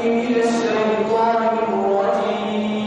من الشيطان الرجيم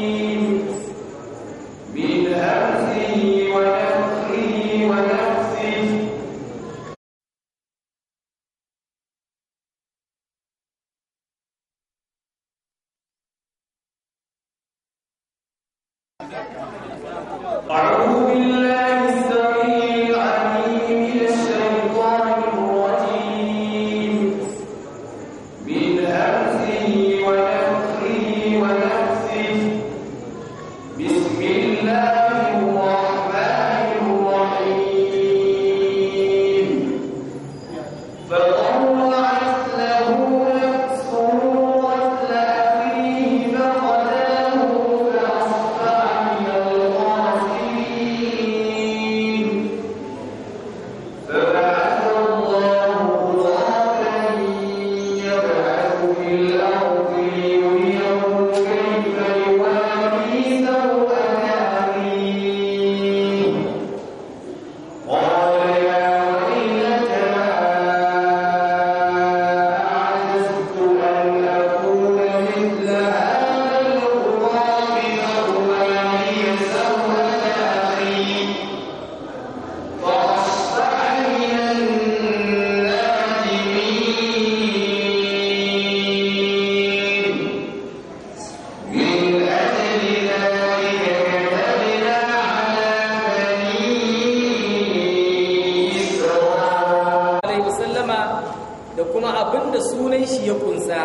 da kuma abin da sunan shi ya kunsa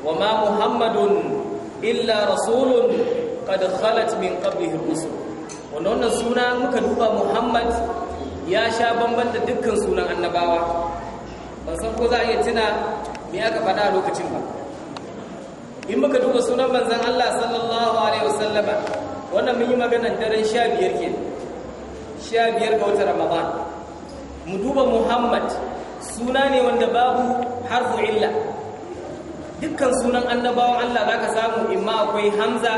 wa ma muhammadun illa rasulun qad khalat min qablihi rusul wannan wannan suna muka duba muhammad ya sha bamban da dukkan sunan annabawa ban san ko za a iya tuna me aka faɗa a lokacin ba in muka duba sunan manzon Allah sallallahu alaihi wasallama wannan mun yi maganar daren sha 15 kenan biyar ga watan Ramadan mu duba Muhammad suna ne wanda babu harfu illa dukkan sunan annabawan Allah za ka samu imma akwai hamza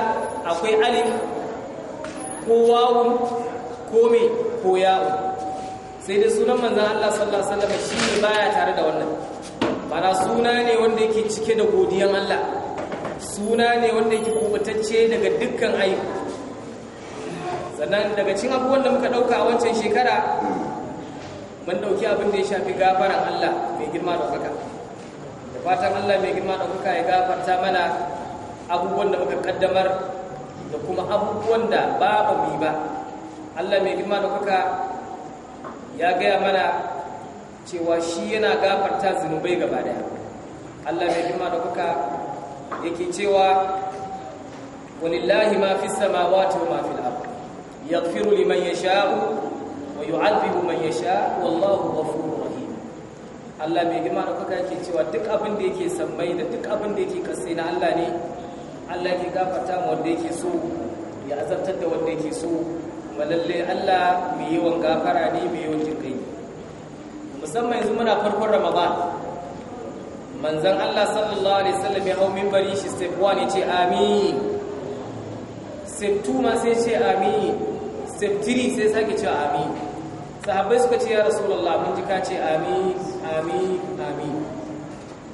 akwai alif ko wawu ko me ko yawu sai dai sunan manzan Allah sallallahu alaihi wasallam shine baya tare da wannan bara suna ne wanda yake cike da godiyan Allah suna ne wanda yake kubutacce daga dukkan ayyuka sannan daga cikin abubuwan da muka dauka a wancan shekara mun dauki abin da ya shafi gafaran Allah mai girma da kuka da fatan Allah mai girma da kuka ya gafarta mana abubuwan da muka kaddamar da kuma abubuwan da ba mu ba Allah mai girma da kuka ya gaya mana cewa shi yana gafarta zunubai gaba daya Allah mai girma da kuka yake cewa walillahi ma fis samawati wa ma fil ardi yaghfiru liman yasha'u wa yu'adhibu man yasha wallahu ghafurur rahim Allah mai girma da kuka yake cewa duk abin da yake sammai da duk abin da yake kasai na Allah ne Allah yake gafarta ma wanda yake so ya azabtar da wanda yake so kuma lalle Allah mai yawan gafara ne mai yawan jinkai musamman yanzu muna farkon Ramadan manzon Allah sallallahu alaihi wasallam ya hau minbari shi step 1 ya ce amin step 2 ma sai ce amin step 3 sai sake cewa amin sahabbai suka ce ya rasulallah mun ji ka ce amin amin amin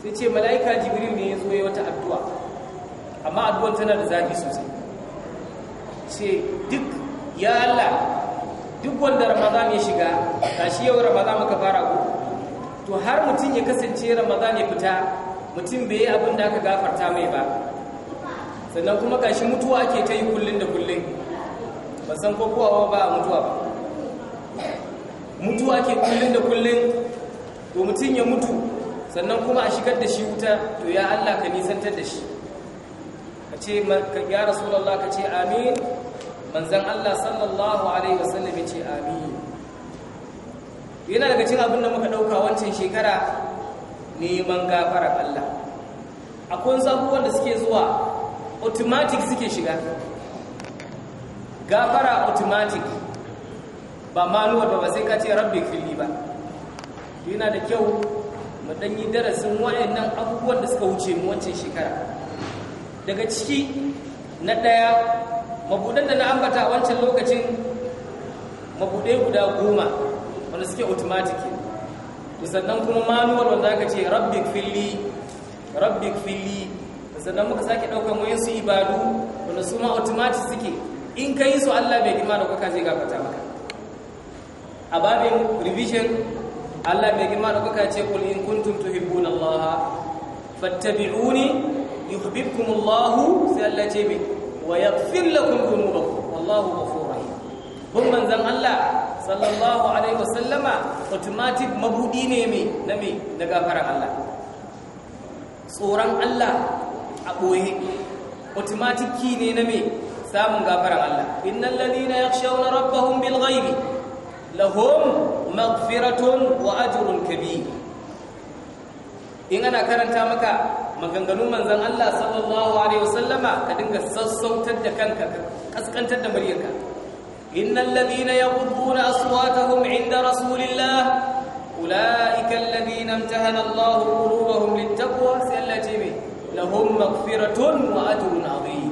sai ce mala'ika jibril ne ya zo ya wata addu'a amma addu'a tana da zafi sosai ce duk ya Allah duk wanda ramadan ya shiga tashi yau ramadan muka fara ku to har mutum ya kasance ramadan ya fita mutum bai yi abin da aka gafarta mai ba sannan kuma gashi mutuwa ake ta yi kullum da kullum ba san ko kowa ba mutuwa ba mutuwa ke kullum da kullum to mutum ya mutu sannan kuma a shigar da shi wuta to ya Allah ka nisantar da shi ka ce ya rasulullah ka ce amin manzan Allah sallallahu alaihi wasallam ya ce amin yana daga cin abin da muka dauka wancan shekara neman gafarar Allah akwai sabuwar da suke zuwa automatic suke shiga gafara automatic ba maluwa ba sai ka ce rabbi fili ba yana da kyau mu dan yi darasin waɗannan abubuwan da suka wuce mu wancan shekara daga ciki na ɗaya mabudan da na ambata a wancan lokacin mabudai guda goma wanda suke automatic to sannan kuma manual wanda aka ce rabbi fili rabbi fili sannan muka sake ɗaukar su ibadu wanda su ma automatic suke in ka yi su Allah bai gima da kuka zai gafata maka ababin revision Allah mai girma da kuka ce kul in kuntum tuhibbuna Allah fattabi'uni yuhibbukum Allah sai Allah bi wa yaghfir lakum dhunubakum wallahu ghafurur rahim bun manzan Allah sallallahu alaihi wasallama automatic mabudi ne mai nabi daga na Allah tsoran Allah a ɓoye automatic ki ne na mai samun gafaran Allah innal ladina yakhshawna rabbahum bil ghaibi lahum maghfiratun wa ajrun kabir in ana karanta maka maganganun manzon Allah sallallahu alaihi wasallama ka dinga sassautar da kanka ka kaskantar da muryarka innal ladina yaghudduna aswatahum inda rasulillah ulaika alladhina imtahana Allahu qulubahum littaqwa sallati bi lahum maghfiratun wa ajrun adhim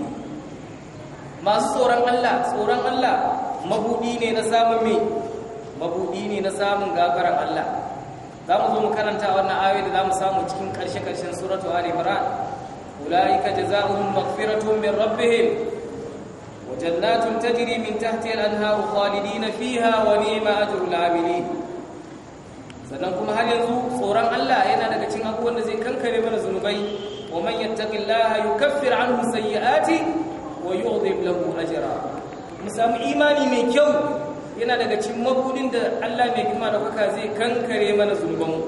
masu tsoron Allah tsoron Allah mabudi ne na samun mai mabuɗi ne na samun gafarar Allah za mu zo mu karanta wannan ayoyi da za mu samu cikin ƙarshe-ƙarshen suratu Ali Imran ulaika jazaohum maghfiratun min rabbihim wa jannatun tajri min tahtiha al-anharu khalidina fiha wa ni'ma ajrul 'amilin sannan kuma har yanzu tsoron Allah yana daga cikin abubuwan da zai kankare mana zunubai wa man yattaqillaha yukaffir anhu sayyi'ati wa yu'dhib lahu ajra mu samu imani mai kyau yana daga cikin mabudin da Allah mai girma da zai kankare mana mu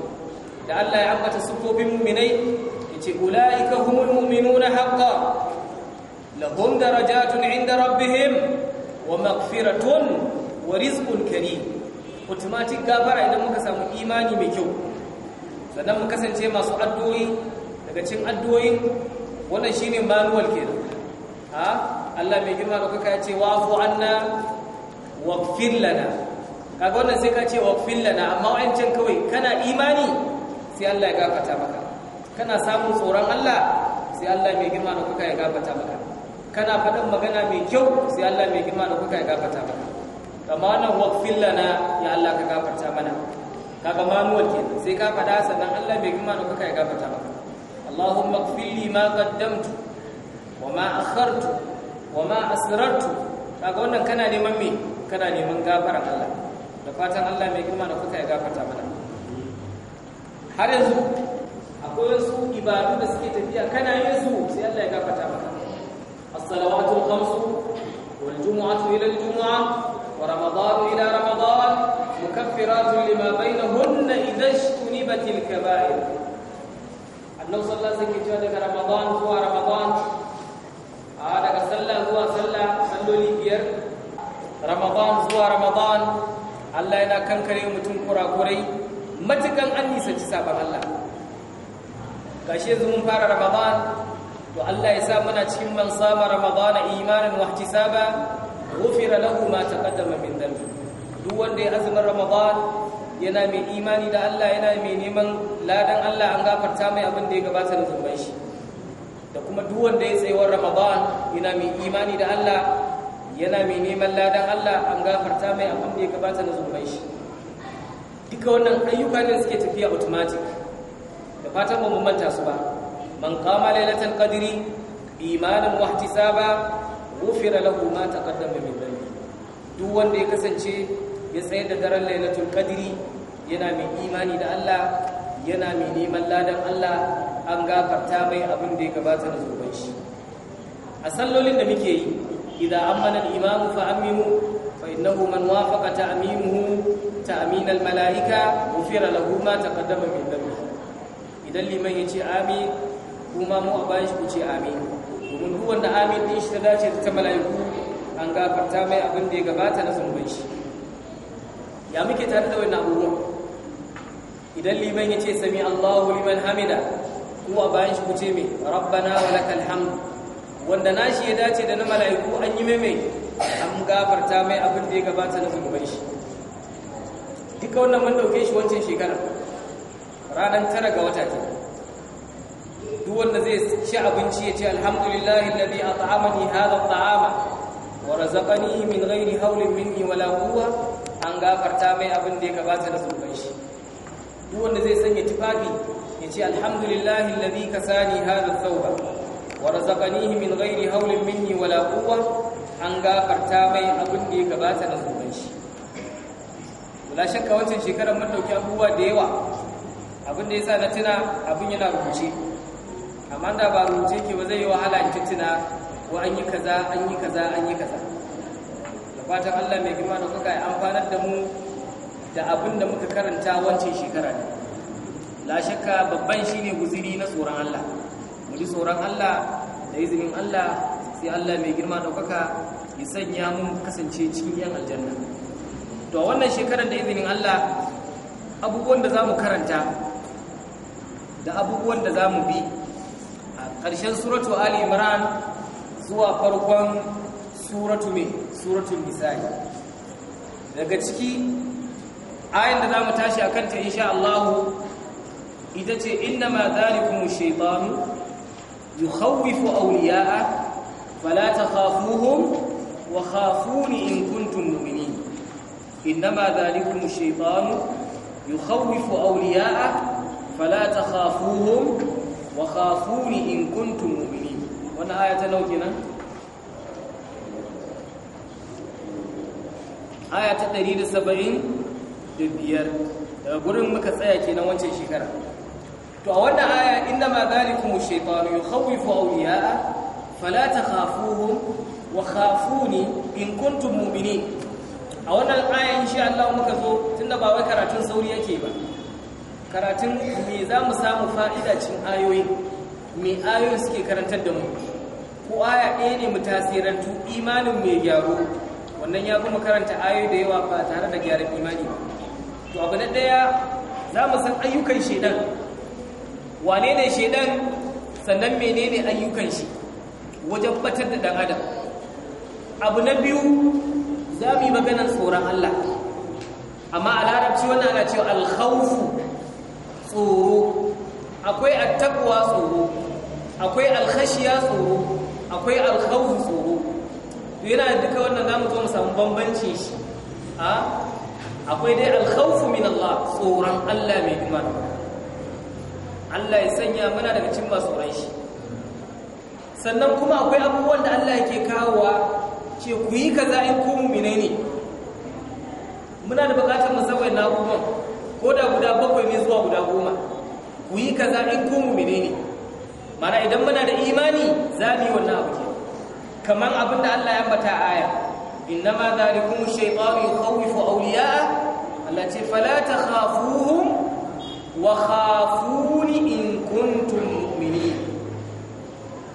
da Allah ya ambata sufofin mu'minai yace ulaika humul mu'minuna haqqan lahum darajatun 'inda rabbihim wa maghfiratun wa rizqun karim automatic gafara idan muka samu imani mai kyau sannan mu kasance masu addu'o'i daga cikin addu'o'in wannan shine manual kenan ha Allah mai girma da kuka ya ce wa'fu anna waqfir lana kaga wannan sai ka ce waqfir lana amma wa'ancan kawai kana imani sai Allah ya gafata maka kana samun tsoron Allah sai Allah mai girma da kuka ya gafata maka kana faɗin magana mai kyau sai Allah mai girma da kuka ya gafata maka kama wannan waqfir lana ya Allah ka gafarta mana kaga manuwar ke sai ka faɗa sannan Allah mai girma da kuka ya gafata maka Allahumma ighfir li ma qaddamtu wa ma akhartu wa ma asrartu kaga wannan kana neman me kana neman gafaran Allah da fatan Allah mai girma da kuka ya gafarta mana har yanzu akwai wasu ibadu da suke tafiya kana yin su sai Allah ya gafarta maka as-salawatu al-khamsu wal jumu'atu ila al-jumu'ah wa ramadanu ila ramadan mukaffiratun lima bainahunna idha ishtunibatil kaba'ir annabi sallallahu alaihi wasallam cewa daga ramadan zuwa ramadan a daga sallah zuwa sallah salloli biyar ramadan zuwa ramadan Allah yana kankare mutum kurakurai matukan an nisanci sabon Allah gashi yanzu mun fara ramadan to Allah ya sa muna cikin man sama ramadana imanan wa ihtisaba ghufira lahu ma taqaddama min dhanbi duk wanda ya azumin ramadan yana mai imani da Allah yana mai neman ladan Allah an gafarta mai abin da ya gabata da zunuban shi da kuma duk wanda ya tsayawar ramadan yana mai imani da Allah yana mai neman ladan Allah an gafarta mai abin da ya gabata na zunubai shi duka wannan ayyuka ne suke tafiya automatic da fatan ba mu manta su ba man qama lailatul qadri imanan wa ihtisaba ghufira lahu ma taqaddama min dhanbi duk wanda ya kasance ya tsayar da daren lailatul qadri yana mai imani da Allah yana mai neman ladan Allah an gafarta mai abin da ya gabata na zunubai shi a sallolin da muke yi idza amana al-imam fa aminu fa innahu man wafaqa ta'mimuhu ta'min al-malaika ufira lahu ma taqaddama min dhanbi idan liman yace amin kuma mu abaish ku ce amin kuma duk wanda amin din shi ta dace ta malaiku an gafarta mai abin da ya gabata na sunan shi ya muke tare da wannan abubuwa idan liman yace sami Allahu liman hamida kuma abaish ku ce me rabbana wa lakal hamdu wanda nashi ya dace da na mala'iku an yi mai an gafarta mai abin da ya gabata na zunuban shi duka wannan mun dauke shi wancan shekara ranar tara ga wata ke duk wanda zai ci abinci ya ce alhamdulillahi alladhi at'amani hadha at'ama wa razaqani min ghairi hawlin minni wala quwwa an gafarta mai abin da ya gabata na zunuban shi duk wanda zai sanya tufafi ya ce alhamdulillahi alladhi kasani hadha thawba wa razaqanihi min ghairi hawlin minni wala quwwa an gafarta mai abin da ya gabata na zuban shi wala shakka wancan shekarar mun dauki abubuwa da yawa abin da yasa na tuna abin yana rubuce amma da ba rubuce ke ba zai yi wahala in tuna ko an yi kaza an yi kaza an yi kaza da fatan Allah mai girma da kuka yi amfanar da mu da abin da muka karanta wancan shekarar. ne la shakka babban shine guziri na tsoron Allah ji tsoron Allah da izinin Allah sai Allah mai girma ɗaukaka ya sanya mun kasance cikin yan aljanna to wannan shekarar da izinin Allah abubuwan da za mu karanta da abubuwan da za mu bi a ƙarshen suratu Ali Imran zuwa farkon suratu mai suratul nisa'i daga ciki ayin da za mu tashi a kanta insha Allah ita ce inna ma zalikum shaytanu yukhawwifu awliya'a fala takhafuhum wa khafuni in kuntum mu'minin inma dhalikum ash-shaytanu yukhawwifu awliya'a fala takhafuhum wa khafuni in kuntum mu'minin wannan aya ta 175 daga gurin muka tsaya kenan wancan shekara to a wannan aya inna ma zalikum ash-shaytanu yukhawifu awliya'a fala takhafuhum wa khafuni in kuntum mu'minin a wannan aya insha Allah muka zo tunda ba wai karatun sauri yake ba karatun me za mu samu fa'ida cin ayoyi me ayoyi suke karantar da mu ko aya ɗaya ne mu tasirantu imanin mai gyaro wannan ya kuma karanta ayoyi da yawa ba tare da gyaran imani ba to abu na ɗaya za mu san ayyukan shaidan wane ne shedan sannan menene ayyukan shi wajen batar da ɗan adam abu na biyu za mu yi maganar tsoron Allah amma a larabci wannan ana cewa alkhawfu tsoro akwai attaqwa tsoro akwai alhashiya tsoro akwai alkhawfu tsoro yana da duka wannan zamu zo mu samu bambancin shi ah, akwai dai alkhawfu min Allah tsoron Allah mai imani Allah ya sanya muna daga cikin masu ran shi sannan kuma akwai abubuwan da Allah yake kawowa ce ku yi kaza in ku mu'mine ne muna da bukatar mu san na abubuwan ko da guda bakwai ne zuwa guda goma ku yi kaza in ku mu'mine ne mana idan muna da imani za mu yi wannan abu kaman abin da Allah ya ambata a aya innama zalikum shaytanu yukhawifu awliya Allah ce fala takhafuhum wa khafuni in kuntum mu'minin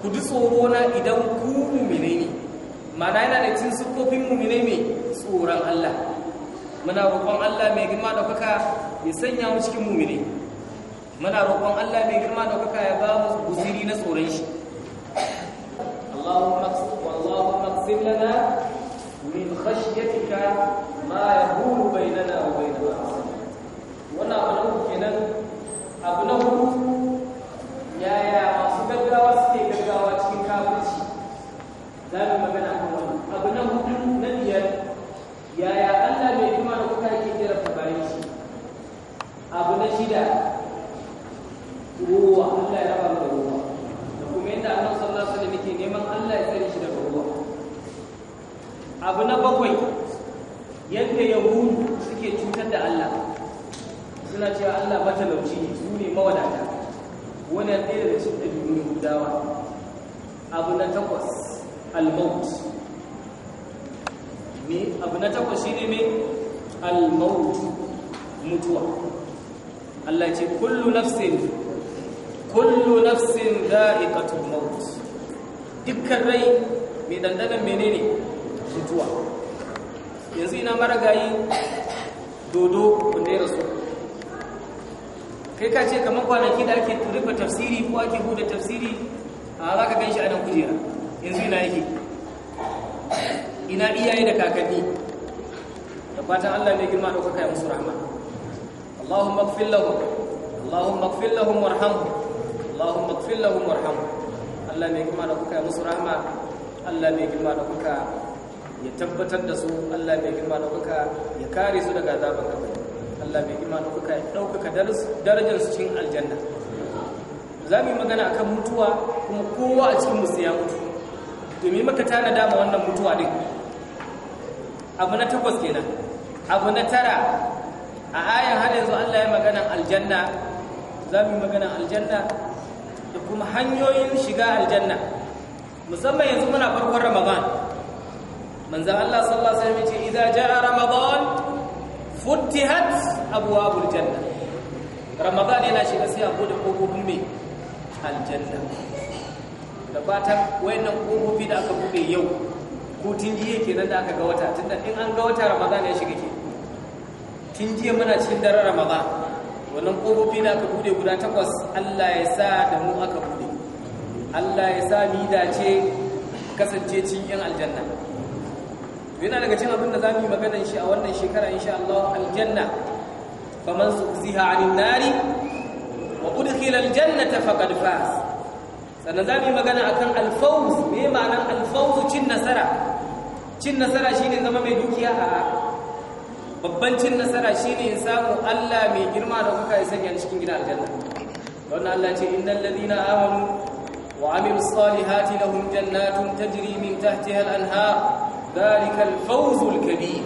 ku ji tsoro na idan ku mu'mine ne ma'ana yana da cin siffofin mu'mine ne tsoron Allah muna roƙon Allah girma mu cikin mu'mine muna roƙon Allah mai girma da kuka ya ba mu guziri na tsoron shi wannan abu na uku kenan abu na hudu yaya masu gaggawa suke gaggawa cikin kafirci za mu magana kan wannan abu na hudu na biyar yaya Allah mai kuma da kuka yake kira ta bayan shi abu na shida ruwa Allah ya raba da ruwa da kuma yadda Allah sallallahu alaihi wasallam yake neman Allah ya tsare shi daga ruwa abu na bakwai yadda yahudu suna cewa Allah matalauci ne su ne mawadata wannan ɗaya daga cikin ɗabi'un yahudawa abu na takwas al-maut me abu na takwas shine me al-maut mutuwa Allah ce kullu nafsin kullu nafsin dha'iqatul maut dukkan rai mai dandanan menene mutuwa yanzu ina maragayi dodo wanda ya rasu kai ka ce kamar kwanaki da ake rufe tafsiri ko ake buɗe tafsiri a za ka ganshi a nan kujera yanzu ina yake ina iyaye da kakanni da fatan Allah ne girma ɗaukaka yi musu rahama Allahumma ighfir lahum Allahumma ighfir lahum warhamhum Allahumma ighfir lahum warhamhum Allah ne girma ya musu rahama Allah girma ya tabbatar da su Allah girma ya kare su daga Allah mai girma ɗaukaka ya ɗaukaka darajar su cikin aljanna za mu yi magana akan mutuwa kuma kowa a cikin musu ya mutu domin maka na dama wannan mutuwa din abu na takwas kenan abu na tara a ayan har yanzu Allah ya magana aljanna za mu yi magana aljanna da kuma hanyoyin shiga aljanna musamman yanzu muna farkon ramadan manzan Allah sallallahu alaihi wasallam ya ce idza jaa ramadan futihat abwabul janna ramadan yana shiga sai a bude kofofin mai aljanna da fatan wayannan kofofi da aka bude yau kutin jiya kenan da aka ga wata tunda in an ga wata ramadan ya shiga ke tun jiya muna cikin daren ramadan wannan kofofi da aka bude guda takwas Allah ya sa da mu aka bude Allah ya sa ni dace kasance cikin aljanna yana daga cikin abin da za mu yi maganar shi a wannan shekara insha Allah aljanna faman zuziha 'anil nari wa udkhila aljannata faqad faz sannan za mu yi magana akan alfawz me ma'anar alfawz cin nasara cin nasara shine zama mai dukiya a babban cin nasara shine in samu Allah mai girma da kuka yi sanya cikin gidan aljanna wannan Allah ce innal ladina amanu wa amilus salihati lahum jannatun tajri min tahtiha al-anhar zalikal fawzul kabir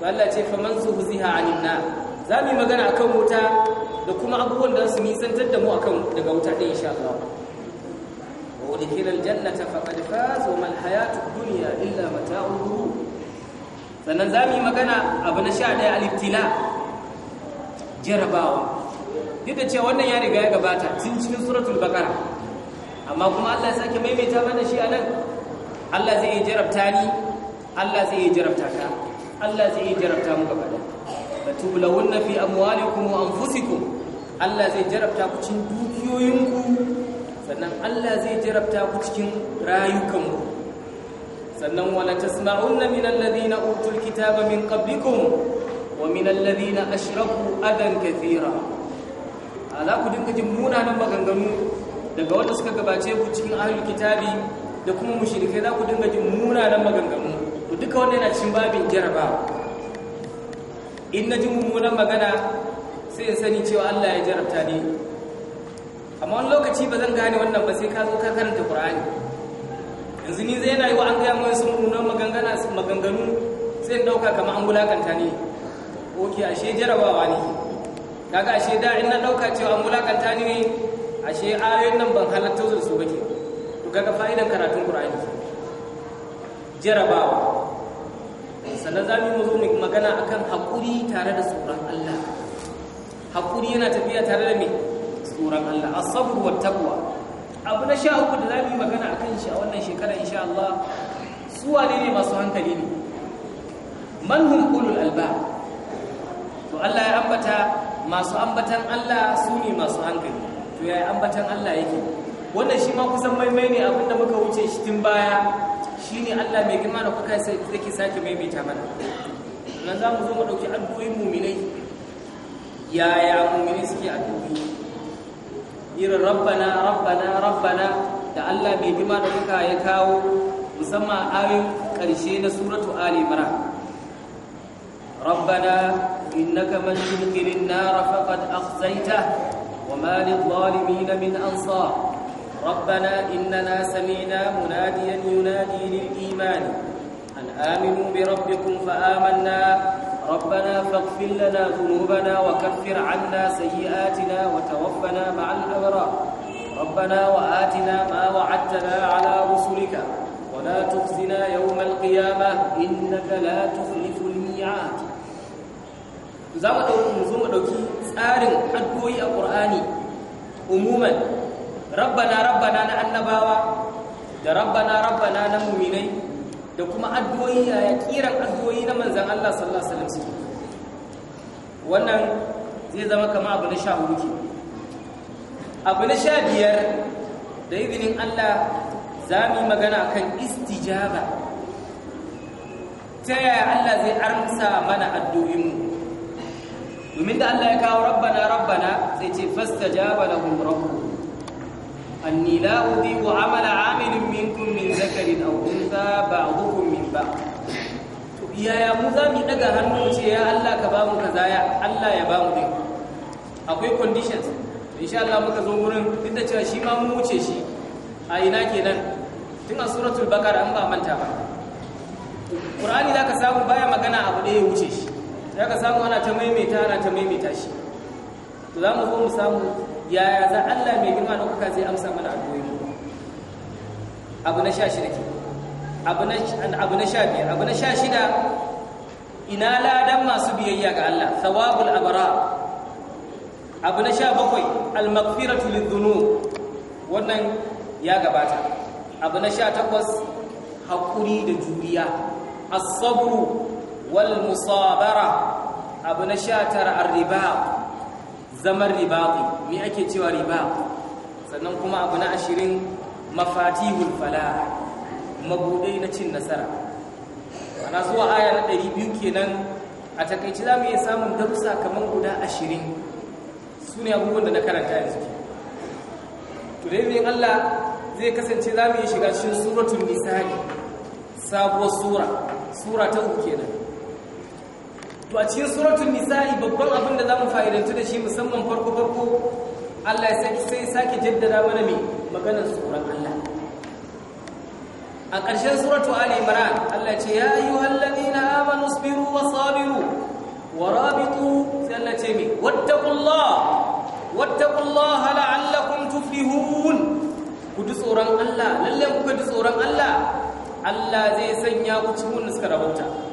Allah ce fa man zuhziha anin nar zami magana akan wuta da kuma abubuwan da su nisantar da mu akan daga wuta din insha Allah wa udkhilal jannata faqad faz wa mal hayatud dunya illa mata'u sannan zami magana abu na 11 al-ibtila jarabawa duk da cewa wannan ya riga ya gabata tun cikin suratul baqara amma kuma Allah ya sake maimaita mana shi anan Allah zai jarabta ni Allah zai yi jarabta ka Allah zai yi jarabta mu gaba da latubulawunna fi amwalikum wa anfusikum Allah zai jarabta ku cikin dukiyoyinku sannan Allah zai jarabta ku cikin rayukanku sannan wala tasma'unna min alladhina utul kitaba min qablikum wa min alladhina ashraku adan kathira ala ku dinka jin munanan maganganu daga wanda suka gabace ku cikin ahlul kitabi da kuma mushrike za ku dinga jin munanan maganganu duka wannan yana cikin babin jarabawa in na ji mummunan magana sai in sani cewa Allah ya jarabta ne. amma wani lokaci ba zan gane wannan ba sai ka zo ka karanta Qur'ani yanzu ni zai yi wa an gaya mun sun mummunan maganganu sai in dauka kamar an bulakanta ne oke ashe jarabawa ne kaga ashe da in na dauka cewa an bulakanta ne ashe ayoyin nan ban halatta su su bake to kaga fa'idan karatun Qur'ani jarabawa sannan za mu zo mu magana akan haƙuri tare da tsoron Allah haƙuri yana tafiya tare da me tsoron Allah as-sabr wa taqwa abu na sha uku da za mu yi magana akan shi a wannan shekara insha Allah su wane ne masu hankali ne man hum ulul albab to Allah ya ambata masu ambatan Allah su ne masu hankali to ya ambatan Allah yake wannan shi ma kusan maimai ne abinda muka wuce shi tun baya shine Allah mai girma da kuka sai sake maimaita mana nan za mu zo mu dauki addu'o'in mu'minai yaya mu'minai suke addu'o'i irin rabbana rabbana rabbana da Allah mai girma da kuka ya kawo musamman ari karshe na suratu ali imran rabbana innaka man tudkhilin nar faqad akhzaytah وما na min ansa ربنا إننا سمينا مناديا ينادي للإيمان أن آمنوا بربكم فآمنا ربنا فاغفر لنا ذنوبنا وكفر عنا سيئاتنا وتوفنا مع الأبرار ربنا وآتنا ما وعدتنا على رسلك ولا تخزنا يوم القيامة إنك لا تخلف الميعاد زمن زمن دوكي tsarin addu'o'i a Qur'ani rabbana rabbana na annabawa da rabbana rabbana na muminai da kuma addu'o'i ya kiran addu'o'i na manzan Allah sallallahu alaihi wasallam wannan zai zama kama abu na sha hudu abu na sha biyar da izinin Allah za mu yi magana kan istijaba ta yaya Allah zai armsa mana addu'o'inmu domin da Allah ya kawo rabbana rabbana sai ce fastajaba lahum rabbuhum أني لا أضيء عمل عامل منكم من ذكر أو أنثى بعضكم من بعض yaya mu za mu daga hannu ce ya Allah ka bamu kaza ya Allah ya bamu din akwai conditions insha Allah muka zo gurin duk da cewa shi ma mu wuce shi a ina kenan tun a suratul baqara an ba manta ba Qur'ani zaka samu baya magana abu da ya wuce shi zaka samu ana ta maimaita ana ta maimaita shi to za mu zo mu samu yaya za Allah mai girma da kuka zai amsa mana addu'o'i abu na 16 ke abu na abu na 15 abu na 16 ina ladan masu biyayya ga Allah thawabul abara abu na 17 al maghfiratu lidhunub wannan ya gabata abu na 18 hakuri da juriya as-sabru wal musabara abu na 19 ar-riba zaman ku, me ake cewa riba sannan kuma abu na ashirin mafatihul fala mabuɗai na cin nasara ana zuwa aya na ɗari biyu kenan a takaici za mu iya samun darussa kamar guda ashirin su ne abubuwan da na karanta yanzu ke tunanin allah zai kasance za mu yi shiga cikin suratun ne sabuwar sura sura ta uku kenan to a cikin suratul nisa'i babban abin da zamu fa'idantu da shi musamman farko farko Allah ya sai sake jaddada mana me maganar tsoron Allah a ƙarshen suratul ali imran Allah ce ya ayyuhalladhina amanu isbiru wasabiru warabitu sai Allah ce me wattaqullah wattaqullah la'allakum tuflihun ku kudu tsoron Allah Lallai ku ji tsoron Allah Allah zai sanya ku cikin suka rabauta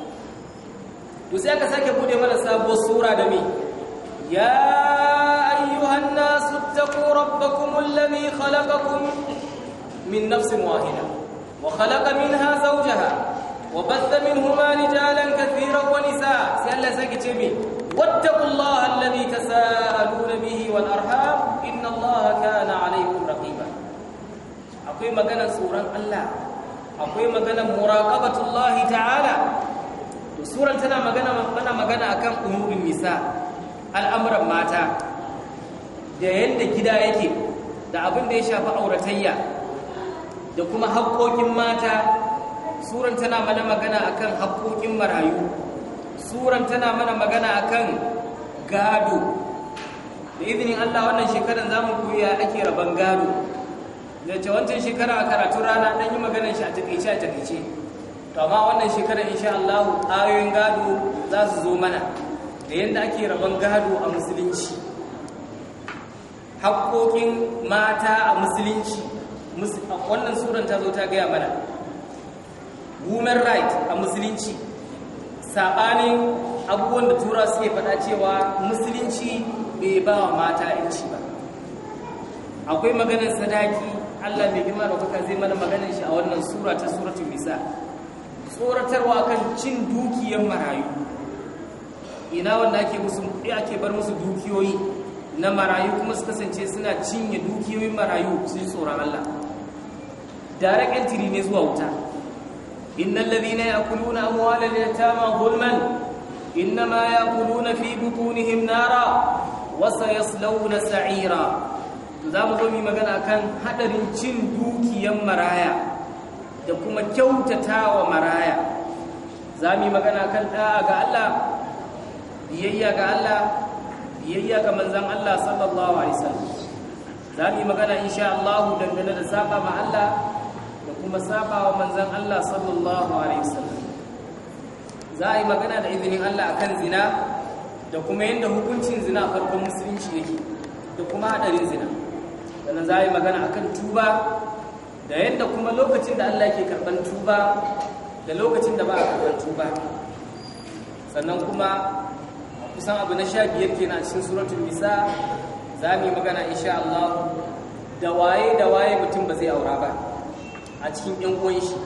to sai aka sake bude mana sabuwar sura da mi ya ayyuhan nasu taqu rabbakum alladhi khalaqakum min nafsin wahida wa khalaqa minha zawjaha wa batha minhuma rijalan katiran wa nisaa sai Allah sake ce me wattaqullaha alladhi tasaaluna bihi wal arham inna kana alaykum raqiba akwai magana suran Allah akwai maganar muraqabatullahi ta'ala suran tana magana mana magana akan umurin nisa al'amuran mata da yadda gida yake da abin da ya shafi auratayya da kuma haƙoƙin mata suran tana mana magana akan haƙoƙin marayu suran tana mana magana akan gado da izinin Allah wannan shekaran zamu koya ake raban gado da ce wancan shekara a karatu rana dan yi maganar shi a takeice a takeice to amma wannan shekarar insha Allah ayoyin gado za su zo mana da yadda ake rabon gado a musulunci haƙoƙin mata a musulunci wannan suran ta zo ta gaya mana women right a musulunci saɓanin abubuwan da tura suke faɗa cewa musulunci bai ba wa mata yanci ba akwai maganin sadaki allah mai gima da kuka zai mana maganin shi a wannan sura ta suratun nisa tsoratarwa kan cin dukiyar marayu ina wanda ake musu eh, ake bar musu dukiyoyi na marayu kuma su kasance suna cinye dukiyoyin marayu sun tsoron Allah direct entry ne zuwa wuta innal ladhina ya'kuluna amwalal yatama ya kulu ya'kuluna fi butunihim nara wa sayaslawna sa'ira to zamu zo mi magana kan haɗarin cin dukiyar maraya da kuma kyautata wa maraya za mu yi magana kan ɗa'a ga Allah biyayya ga Allah biyayya ga manzan Allah sallallahu alaihi wasallam za mu yi magana insha Allah dangane da saba ma Allah da kuma saba wa manzan Allah sallallahu alaihi wasallam za a yi magana da izinin Allah a kan zina da kuma yadda hukuncin zina farkon musulunci yake da kuma haɗarin zina sannan za a yi magana a kan tuba da yadda kuma lokacin da Allah ke karban tuba da lokacin da ba a karban tuba sannan kuma kusan abu na sha biyar kenan cikin suratul nisa za mu yi magana insha Allah da waye da waye mutum ba zai aura ba a cikin yan uwan shi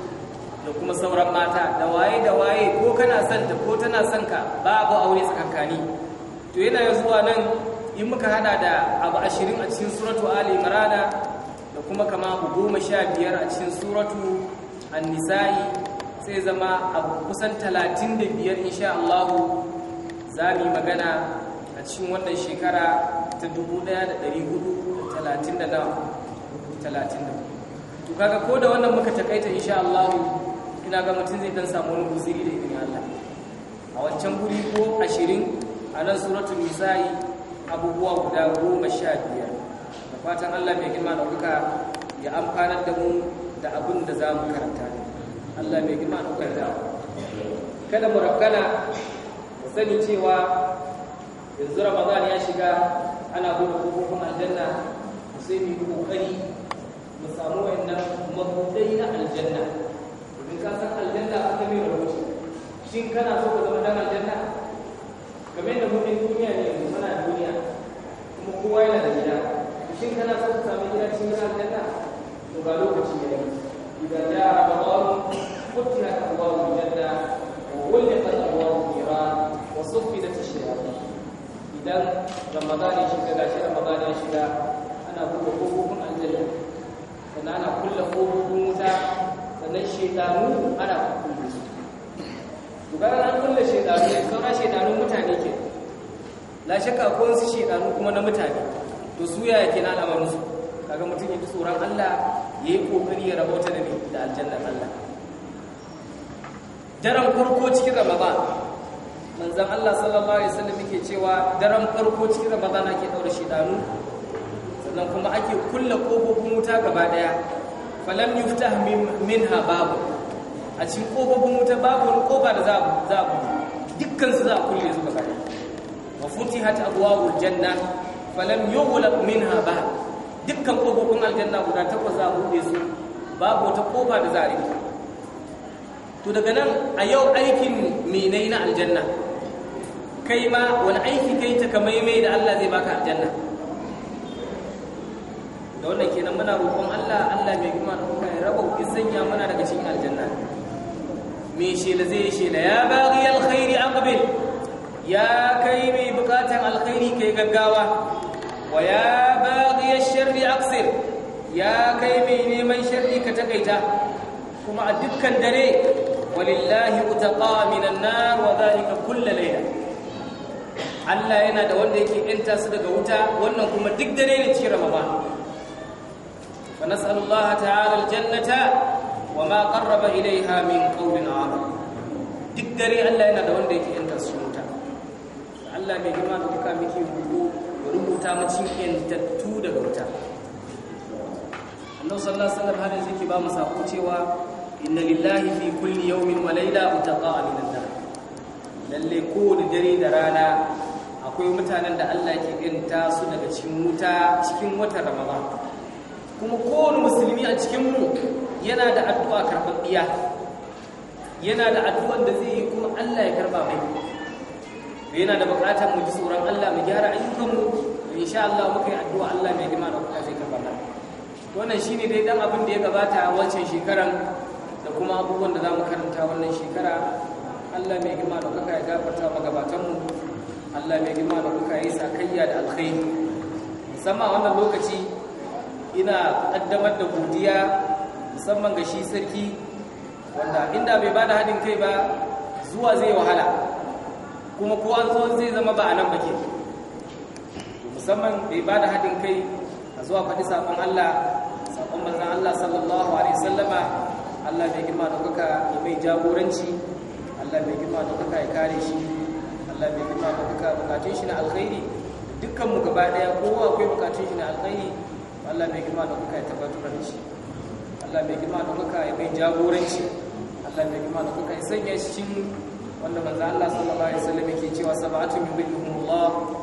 da kuma sauran mata da waye da waye ko kana son ta ko tana son ka babu aure tsakankani to yana zuwa nan in muka hada da abu ashirin a cikin suratu ali imran da kuma kama abu goma sha biyar a cikin suratu annisa'i sai zama abu kusan talatin da biyar insha Allahu za mu yi magana a cikin wannan shekara ta dubu ɗaya da ɗari hudu da talatin da nawa talatin da to kaga ko da wannan muka takaita insha Allahu ina ga mutum zai dan samu wani guziri da idan Allah a wancan guri ko ashirin a nan suratul nisa'i abubuwa guda goma sha biyar fatan Allah mai girma da kuka ya amfanar da mu da abin da za mu karanta Allah mai girma da kuka kada mu rakkana mu sani cewa yanzu Ramadan ya shiga ana gudu kofofin aljanna sai mu yi kokari mu samu wayannan mabudai na aljanna domin ka san aljanna aka mai rahoto shin kana so ka zama dan aljanna kamar da mutum duniya ne muna duniya kuma kowa yana da gida shin kana son ka samu gida cikin gidan aljanna to ga lokaci ya yi idan ja a ramadanu kutina ta abuwa aljanna wa wulle ta abuwa kira wa sufi da ta shirya idan ramadan ya shiga gashi ramadan ya shiga ana buɗe kofofin aljanna sannan ana kulle kofofin wuta sannan shedanu ana kulle su to ga an kulle shedanu sauran shedanun mutane ke la shakka ko wasu shedanu kuma na mutane to su ya ke na al'amarin su kaga mutum ya fi tsoron Allah ya yi kokari ya rabauta da ne da aljannar Allah daren farko cikin Ramadan manzan Allah sallallahu alaihi wasallam yake cewa daren farko cikin Ramadan ake daura shedanu sannan kuma ake kulle kofofin wuta gaba daya falam yuftah minha babu a cikin kofofin wuta babu wani kofa da za a dukkan su za a kulle su gaba daya wa futihat abwaabul janna falam yughlaq minha ba dukkan kofofin aljanna guda takwas za a buɗe su babu wata kofa da za a rufe to daga nan a yau aikin menai na aljanna kai ma wani aiki kai ta kamaimai da Allah zai baka aljanna da wannan kenan muna roƙon Allah Allah mai girma da kuma ya raba ku sanya muna daga cikin aljanna me shela zai shela ya baghi alkhairi aqbil ya kai mai bukatan alkhairi kai gaggawa wa ya baghiyar sharri aksir ya kai mai neman sharri ka takaita kuma a dukkan dare walillahi utaqa minan nar wa dhalika kullu Allah yana da wanda yake yanta su daga wuta wannan kuma duk dare ne cikin Ramadan fa nas'alullaha ta'ala aljannata wa ma qarraba ilayha min qawlin a'lam duk dare Allah yana da wanda yake yanta su wuta Allah mai girma da kuka miki rubuta macin yantattu daga wuta annabi sallallahu alaihi wasallam har yanzu yake ba mu sako cewa inna lillahi fi kulli yawmin wa layla mutaqa'a min an-nar lalle kowane dare da rana akwai mutanen da Allah yake ganta su daga cikin wuta cikin wata ramaba. kuma kowane musulmi a cikin mu yana da addu'a karɓaɓɓiya yana da addu'an da zai yi kuma Allah ya karba mai yana da buƙatar mu ji tsoron Allah mu gyara ayyukanmu insha Allah muka yi addu'a Allah mai girma da kuka zai karba ta wannan ne dai dan abin da ya gabata a wancan shekaran da kuma abubuwan da za mu karanta wannan shekara Allah mai girma da kuka ya gafarta gabatanmu. Allah mai girma da kuka yi sakayya da alkhairi musamman wannan lokaci ina kaddamar da godiya musamman ga shi sarki wanda inda bai bada haɗin kai ba zuwa zai wahala kuma ko an zo zai zama ba a nan ba ke musamman da ya bada haɗin kai a zuwa faɗi saƙon Allah saƙon mazan Allah sallallahu alaihi sallama Allah mai girma da kuka ya mai jagoranci Allah mai girma da kuka ya kare shi Allah mai girma da kuka bukatun shi na alkhairi dukkan mu gaba daya kowa akwai bukatun shi na alkhairi Allah mai girma da kuka ya tabbatar da shi Allah mai girma da kuka ya mai jagoranci Allah mai girma da kuka ya sanya shi cikin wanda manzan Allah sallallahu alaihi wasallam yake cewa sab'atu min billahumullah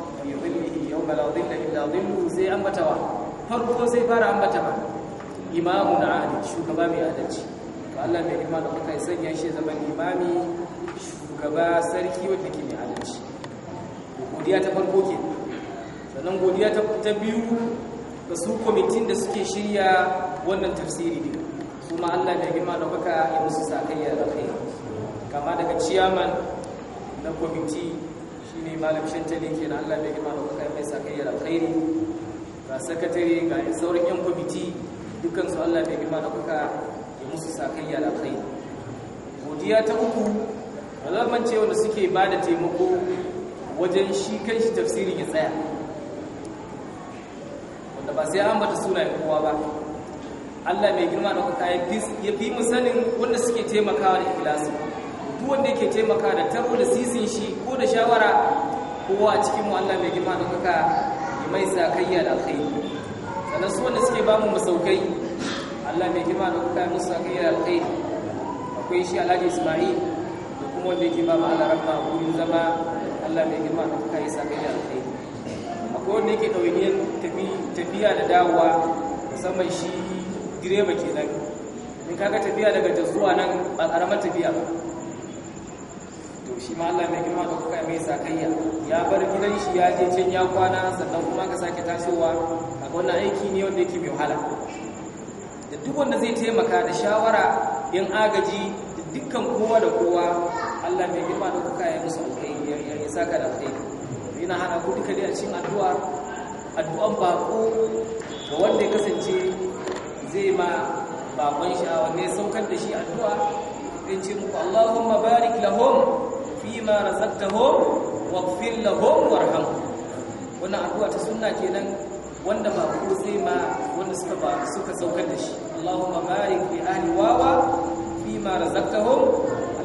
fala dhilla illa sai ambatawa farko sai fara ambatawa imamun shugaba mai adalci to Allah mai girma da kuka ya shi zaman imami shugaba sarki wanda ke mai adalci godiya ta farko ke sannan godiya ta biyu ga su kwamitin da suke shirya wannan tafsiri ne kuma Allah mai girma da kuka ya musu sakayya da kai kama daga ciyaman na kwamiti shine malam shantali kenan Allah bai gima da mai sakai da alkhairi ga sakatare ga sauran yan kwamiti dukkan su Allah bai gima da kuka ya musu sakai da alkhairi godiya ta uku malaman ce wanda suke ba da taimako wajen shi kanshi tafsirin ya tsaya wanda ba sai an bata ya kowa ba Allah mai girma da kuka ya fi musanin wanda suke taimakawa da ikhlasi duk wanda yake taimaka da tabo da sisin shi ko da shawara kowa a cikin mu Allah mai girma da kuka ya mai sakayya da alkhairi sannan su wanda suke bamu masaukai Allah mai girma da kuka ya musu sakayya da alkhairi akwai shi Alhaji Ismail da kuma wanda yake bamu Allah rabba gurin zama Allah mai girma da kuka ya sakayya da alkhairi akwai wanda yake ɗawainiyar tafiya da dawowa musamman shi direba kenan in kaga tafiya daga jazzuwa nan ba karamar tafiya ba shi ma Allah mai girma da kuka mai sakayya ya bar gidan shi ya je can ya kwana sannan kuma ka sake tasowa a wannan aiki ne wanda yake mai wahala da duk wanda zai taimaka da shawara yan agaji da dukkan kowa da kowa Allah mai girma da kuka ya musu kai ya saka da kai yana hana ku duka da a addu'a addu'an bako ga wanda ya kasance zai ma bakon sha'awa ne saukar da shi addu'a in ce muku Allahumma barik lahum mimma razaqtahum waghfir lahum warhamhum wannan addu'a ta sunna kenan wanda ba ku sai ma wanda suka ba suka saukar da shi Allahumma barik bi ahli wawa fima razaqtahum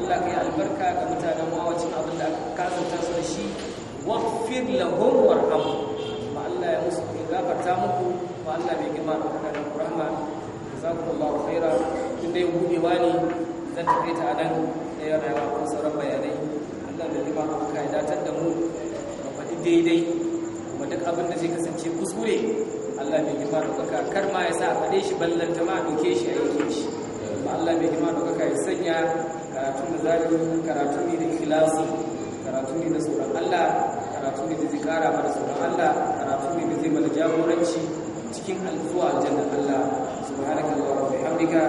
Allah kai albarka ga mutanen wawacin abin da aka kasanta su da shi waghfir lahum warhamhum ma Allah ya musu gafarta muku ma Allah bai gima da kada rahma jazakumullahu khaira tunda yau gobe wani zan tafi ta nan da yawa da sauran yanayi Allah da rima ka ya datar da mu ba faɗi daidai kuma duk abin da zai kasance kuskure Allah mai girma ɗaukaka kar ma ya sa a faɗe shi ballanta ma doke shi a yake shi Allah mai girma ɗaukaka ya sanya karatun da zalim karatu ne da ikhlasi karatu ne da tsoron Allah karatu ne da zikara kara da tsoron Allah karatu ne da zai mana jagoranci cikin alzuwa aljannar Allah subhanakallahumma wa bihamdika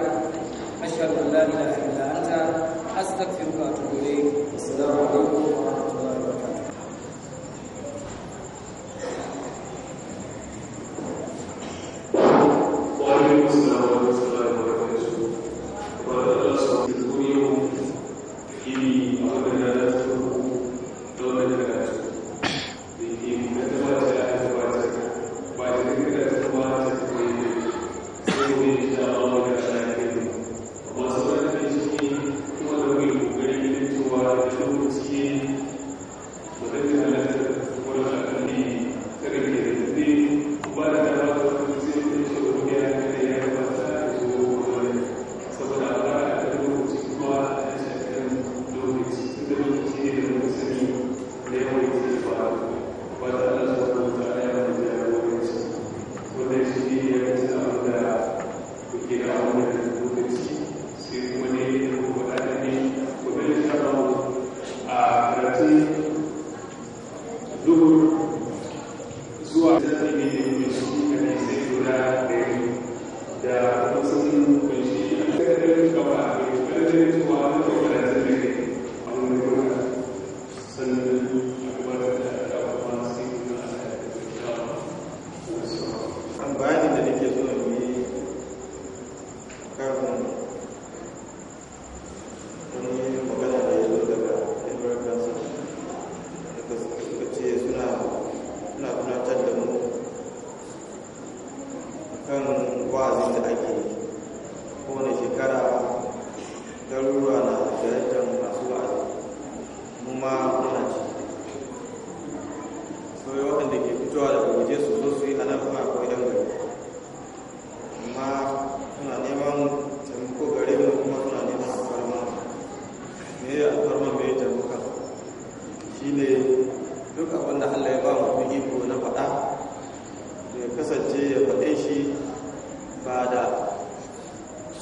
ashhadu an la ilaha illa anta astaghfiruka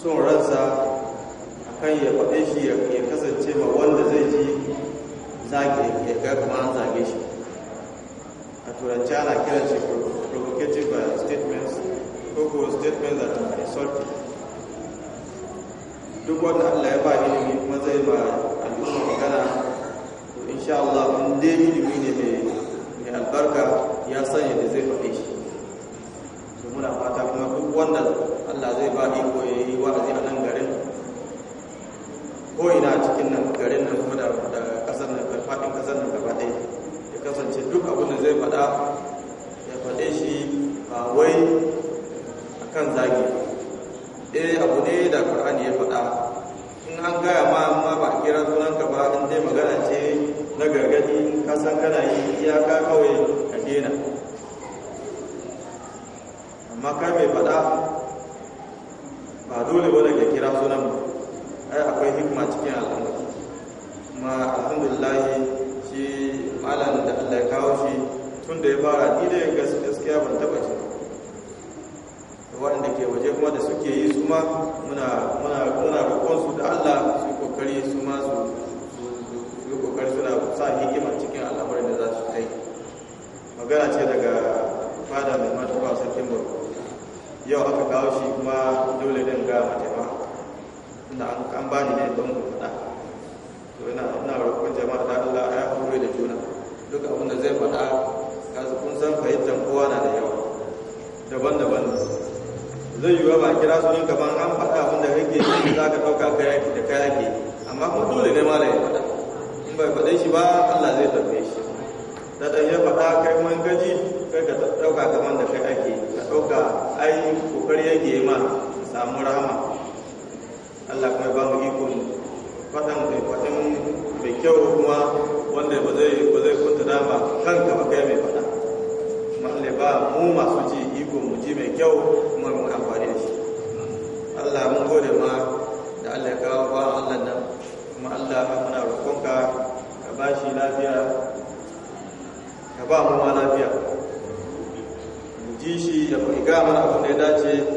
son ransa a kan ya faɗe shi ya kasance ma wanda zai ji zage ya ga kuma an zage shi a turanci ana kiran shi provocative by statements ko ko statements that are insulting duk wanda Allah ya ba ilimi faɗe shi ba Allah zai ɗauke shi da ɗan ya faɗa kai mun gaji kai ka ɗauka kamar da kai ake ka ɗauka ai kokari yake ma samu rama Allah kuma ba mu ikon faɗan mai faɗan mai kyau kuma wanda ba zai ba zai kunta dama kanka ba kai mai faɗa kuma Allah ba mu masu ji iko mu ji mai kyau kuma mu amfani da shi Allah mun gode ma ka ba mu ma lafiya mu ji shi ya fi gama abin da ya dace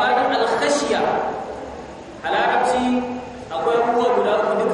labarin alkhashiya a larabci akwai abubuwa guda uku